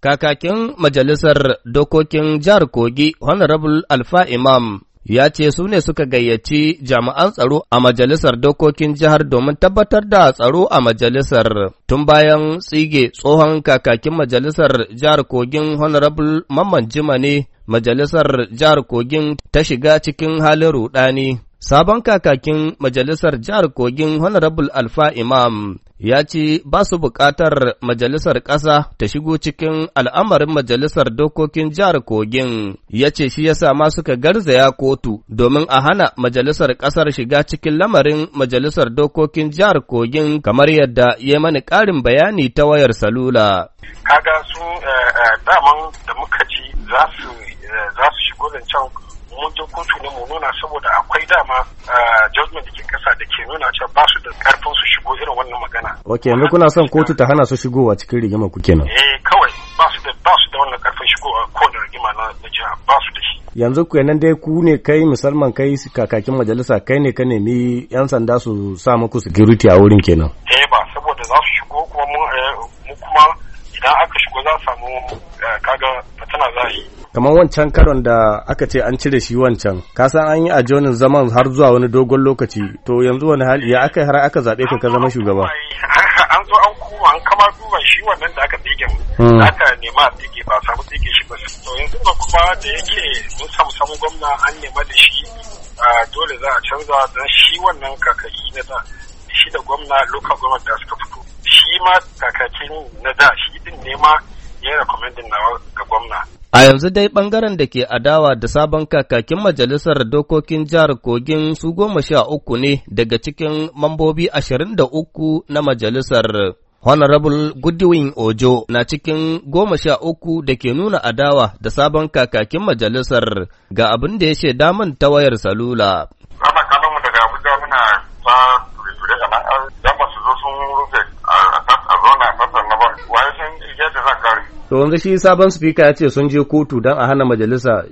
Kakakin Majalisar Dokokin Jihar Kogi Honorable Alfa Imam ya ce su ne suka gayyaci jami'an tsaro a majalisar dokokin jihar domin tabbatar da tsaro a majalisar tun bayan tsige tsohon kakakin majalisar jihar kogin honorable mamman jima majalisar jihar kogin ta shiga cikin halin rudani sabon kakakin majalisar jihar kogin honorable alfa imam ya ce ba su buƙatar majalisar ƙasa ta shigo cikin al'amarin majalisar dokokin jihar Kogin, ya ce shi ya sama suka garzaya kotu domin a hana majalisar ƙasar shiga cikin lamarin majalisar dokokin jihar Kogin kamar yadda ya mani ƙarin bayani ta wayar salula. Kaga su eh, eh, daman da muka ji za su eh, shigo zancen mun je kotu ne mu nuna saboda akwai dama judgment da ke ƙasa da ke nuna cewa ba su da Ok, yanzu kuna son kotu ta hana su shigowa cikin rigima ku kenan. Eh, kawai ba su da ba su da wannan karfin shigowa ko da rigima na na jiha ba su da shi. Yanzu kenan dai ku ne kai musamman kai kakakin majalisa kai ne ka nemi yan sanda su sa muku security a wurin kenan. Eh ba saboda za su shigo kuma eh, mu kuma idan aka shigo za su samu eh, kaga fatana za yi. kamar wancan karon da aka ce an cire shi wancan ka san an yi a jonin zaman har zuwa wani dogon lokaci to yanzu wani hali ya aka har aka zaɓe ka ka zama shugaba an zo an kuma an kama duba shi wannan da aka tsige da hmm. aka nema a tsige ba samu tsige shi ba to yanzu ba kuma da yake mun samu samu gwamna an nema da shi dole za a canza don shi wannan kakaki na da shi da gwamna lokacin gwamnati da suka fito shi ma kakakin na da shi din nema yi rekomendin na ga gwamna. A yanzu dai ɓangaren da ke adawa da sabon kakakin majalisar dokokin jihar Kogin su goma sha uku ne daga cikin mambobi ashirin da uku na majalisar. Honorable Goodwin Ojo na cikin goma sha uku da ke nuna adawa da sabon kakakin majalisar ga abin da ya shaida min ta wayar salula. Ana kalamu daga Abuja muna ta rikure a nan, su zo sun rufe to wanzu shi sabon speaker ya ce sun je kotu don a hana majalisa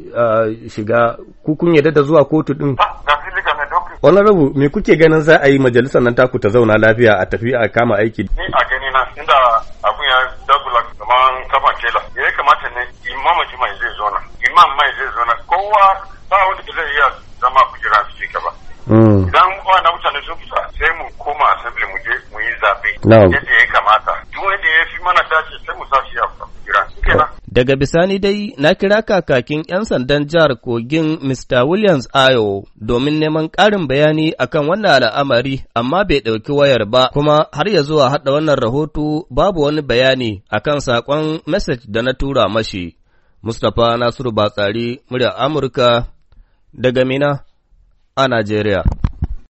shiga kukun yadda da zuwa kotu din ah, rabu me kuke ganin za a yi majalisa nan taku ta zauna lafiya a tafi a kama aiki ni a gani na inda abu ya dagula kaman kafa kela ya yi kamata ne imam mai zai zauna imam mai zai zauna kowa ba wanda zai iya zama kujeran cika ba hmm. idan wannan mutane sun fita sai mu koma assembly mu je mu yi zabe Daga bisani dai na kira kakakin 'yan sandan jihar Kogin Mr. Williams Ayo domin neman ƙarin bayani akan wannan al'amari amma bai ɗauki wayar ba kuma har ya zuwa haɗa wannan rahoto babu wani bayani akan saƙon message da na tura mashi. Mustapha Nasiru Batsari, murya Amurka daga Mina a Najeriya.